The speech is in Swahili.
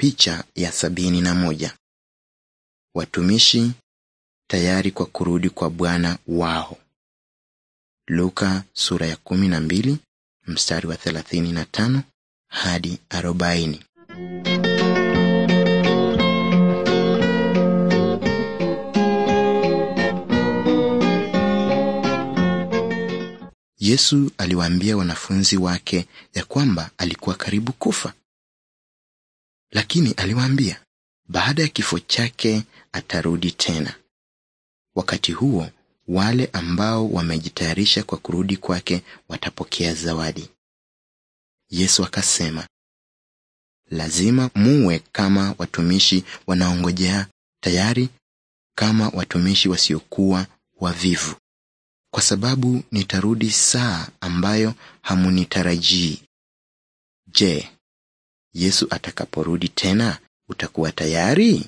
Picha ya sabini na moja. Watumishi tayari kwa kurudi kwa bwana wao. Luka sura ya kumi na mbili mstari wa thelathini na tano hadi arobaini. Yesu aliwaambia wanafunzi wake ya kwamba alikuwa karibu kufa lakini aliwaambia baada ya kifo chake atarudi tena. Wakati huo wale ambao wamejitayarisha kwa kurudi kwake watapokea zawadi. Yesu akasema, lazima muwe kama watumishi wanaongojea tayari, kama watumishi wasiokuwa wavivu, kwa sababu nitarudi saa ambayo hamunitarajii. Je, Yesu atakaporudi tena, utakuwa tayari?